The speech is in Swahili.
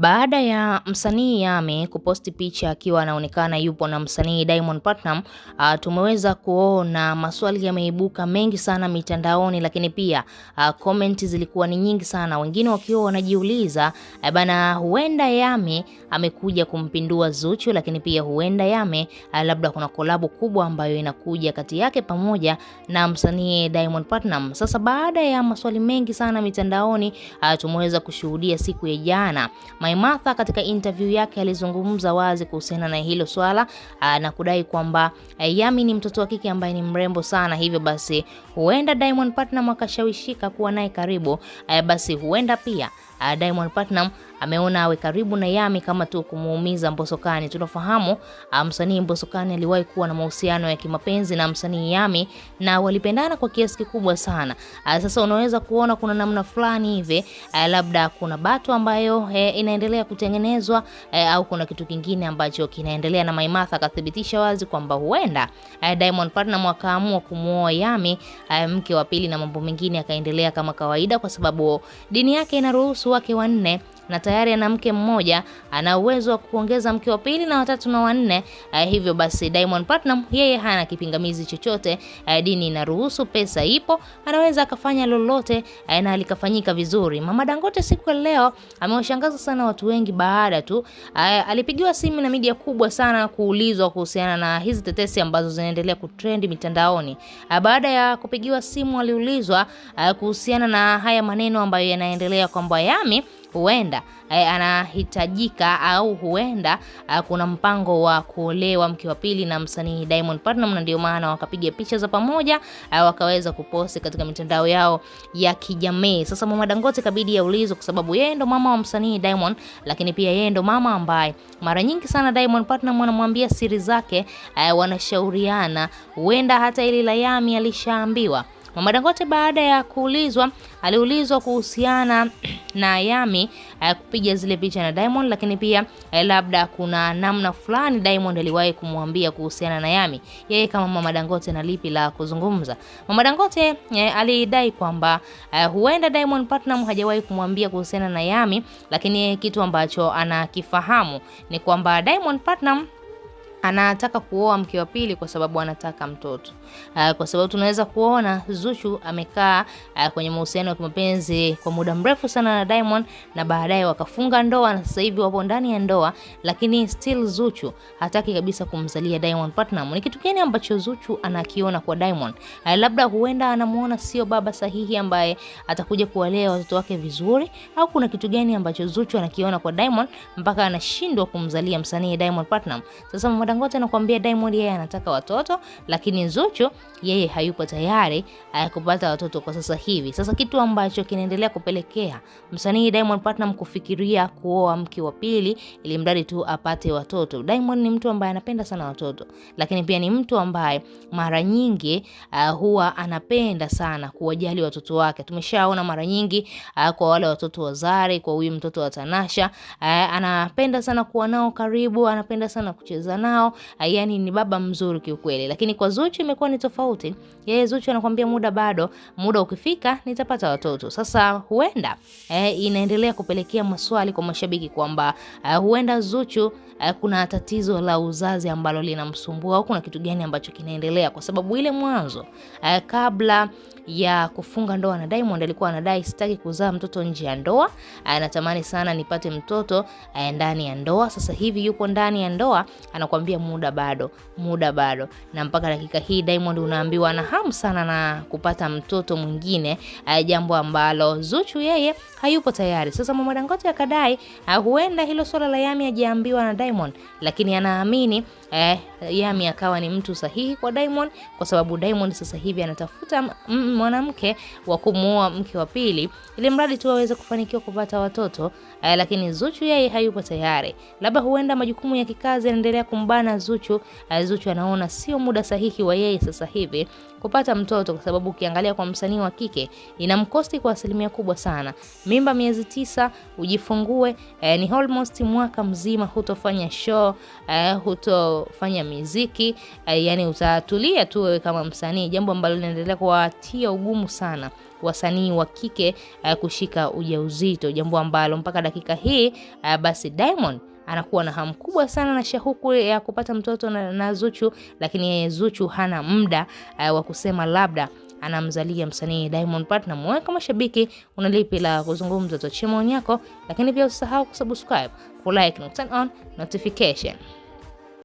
Baada ya msanii Yame kuposti picha akiwa anaonekana yupo na msanii Diamond Platnumz, ah, tumeweza kuona maswali yameibuka mengi sana mitandaoni, lakini pia ah, comment zilikuwa ni nyingi sana, wengine wakiwa wanajiuliza eh, bana, huenda Yame amekuja kumpindua Zuchu, lakini pia huenda Yame ah, labda kuna kolabu kubwa ambayo inakuja kati yake pamoja na msanii Diamond Platnumz. Sasa baada ya maswali mengi sana mitandaoni, tumeweza kushuhudia siku ya jana Maimartha katika interview yake alizungumza wazi kuhusiana na hilo swala ah, na kudai kwamba eh, yami ni mtoto wa kike ambaye ni mrembo sana, hivyo basi huenda Diamond Platnumz akashawishika kuwa naye karibu, eh, basi huenda pia ah, Diamond Platnumz ameona awe karibu na Yami kama tu kumuumiza Mbosokani. Tunafahamu ah, msanii Mbosokani aliwahi kuwa na mahusiano ya kimapenzi na msanii Yami na walipendana kwa kiasi kikubwa sana. Ah, sasa unaweza kuona kuna namna fulani hivi, ah, labda kuna bato ambayo e, inaendelea kutengenezwa e, au kuna kitu kingine ambacho kinaendelea, na Maimatha akathibitisha wazi kwamba huenda e, Diamond Platnumz akaamua kumuoa Yami e, mke wa pili, na mambo mengine akaendelea kama kawaida, kwa sababu dini yake inaruhusu wake wanne na tayari ana mke mmoja, ana uwezo wa kuongeza mke wa pili na watatu na wanne. Eh, hivyo basi Diamond Platinum yeye hana kipingamizi chochote, eh, dini inaruhusu, pesa ipo, anaweza akafanya lolote eh, na alikafanyika vizuri. Mama Dangote siku ya leo amewashangaza sana watu wengi baada tu alipigiwa simu na media kubwa sana kuulizwa kuhusiana na hizi tetesi ambazo zinaendelea kutrend mitandaoni. Baada ya kupigiwa simu aliulizwa kuhusiana na haya maneno ambayo yanaendelea kwamba Yami huenda e, anahitajika au huenda a, eh, kuna mpango wa kuolewa mke wa pili na msanii Diamond Platnumz, na ndio maana wakapiga picha za pamoja eh, wakaweza kuposti katika mitandao yao ya kijamii. Sasa mama Dangote kabidi yaulizwe kwa sababu yeye ndo mama wa msanii Diamond, lakini pia yeye ndo mama ambaye mara nyingi sana Diamond Platnumz anamwambia siri zake, wanashauriana, huenda hata ili Layami alishaambiwa Mama Dangote baada ya kuulizwa, aliulizwa kuhusiana na Yami eh, kupiga zile picha na Diamond, lakini pia eh, labda kuna namna fulani Diamond aliwahi kumwambia kuhusiana na Yami, yeye kama Mama Dangote na lipi la kuzungumza. Mama Dangote eh, alidai kwamba eh, huenda Diamond Platnumz hajawahi kumwambia kuhusiana na Yami, lakini kitu ambacho anakifahamu ni kwamba Diamond Platnumz anataka kuoa mke wa pili kwa sababu anataka mtoto. Uh, kwa sababu tunaweza kuona Zuchu amekaa uh, kwenye mahusiano ya kimapenzi kwa muda mrefu sana na Diamond na baadaye wakafunga ndoa na sasa hivi wapo ndani ya ndoa, lakini still Zuchu hataki kabisa kumzalia Diamond partner. Ni kitu gani ambacho Zuchu anakiona kwa Diamond? Uh, labda huenda anamuona sio baba sahihi ambaye atakuja kuwalea watoto wake vizuri, au kuna kitu gani ambacho Zuchu anakiona kwa Diamond mpaka anashindwa kumzalia msanii Diamond partner? Sasa Dangote anakuambia Diamond yeye anataka watoto, lakini Zuchu yeye hayupo tayari eh, kupata watoto kwa sasa hivi. Sasa kitu ambacho kinaendelea kupelekea msanii Diamond Platnumz kufikiria kuoa mke wa pili ili mradi tu apate watoto. Diamond ni mtu ambaye anapenda sana watoto, lakini pia ni mtu ambaye mara nyingi uh, huwa anapenda sana kuwajali watoto wake. Tumeshaona mara nyingi uh, kwa wale watoto wa Zari, kwa huyu mtoto wa Tanasha uh, anapenda sana kuwa nao karibu, anapenda sana kucheza nao nao, ah, yani ni baba mzuri kiukweli. Lakini kwa Zuchu imekuwa ni tofauti. Yeye Zuchu anakuambia muda bado, muda ukifika nitapata watoto. Sasa huenda eh, inaendelea kupelekea maswali kwa mashabiki kwamba eh, huenda Zuchu eh, kuna tatizo la uzazi ambalo linamsumbua au kuna kitu gani ambacho kinaendelea, kwa sababu ile mwanzo eh, kabla ya kufunga ndoa na Diamond. Alikuwa anadai sitaki kuzaa mtoto nje ya ndoa, anatamani sana nipate mtoto ndani ya ndoa. Sasa hivi yupo ndani ya ndoa, anakuambia muda bado, muda bado, na mpaka dakika hii Diamond unaambiwa ana hamu sana na kupata mtoto mwingine, jambo ambalo Zuchu yeye hayupo tayari. Sasa mama Dangote akadai ah, huenda hilo swala la Yami ajiambiwa na Diamond, lakini anaamini eh, Yami akawa ni mtu sahihi kwa Diamond kwa sababu Diamond sasa hivi anatafuta mm, mwanamke wa kumuoa mke wa pili ili mradi tu aweze kufanikiwa kupata watoto. Eh, lakini Zuchu yeye hayupo tayari, labda huenda majukumu ya kikazi yanaendelea kumbana Zuchu. Eh, Zuchu anaona sio muda sahihi wa yeye sasa hivi kupata mtoto, kwa sababu ukiangalia kwa msanii wa kike inamkosti kwa asilimia kubwa sana. Mimba miezi tisa ujifungue, eh, ni almost mwaka mzima hutofanya show, eh, hutofanya miziki, eh, yani utatulia tu wewe kama msanii, jambo ambalo linaendelea kuwatia ugumu sana wasanii wa kike eh, kushika ujauzito, jambo ambalo mpaka dakika hii eh, basi Diamond anakuwa na hamu kubwa sana na shauku ya kupata mtoto na, na Zuchu, lakini yeye Zuchu hana muda uh, wa kusema labda anamzalia msanii Diamond Platnumz. Wewe kama shabiki unalipi la kuzungumza? Tuachie maoni yako, lakini pia usisahau kusubscribe, kulike na turn on notification.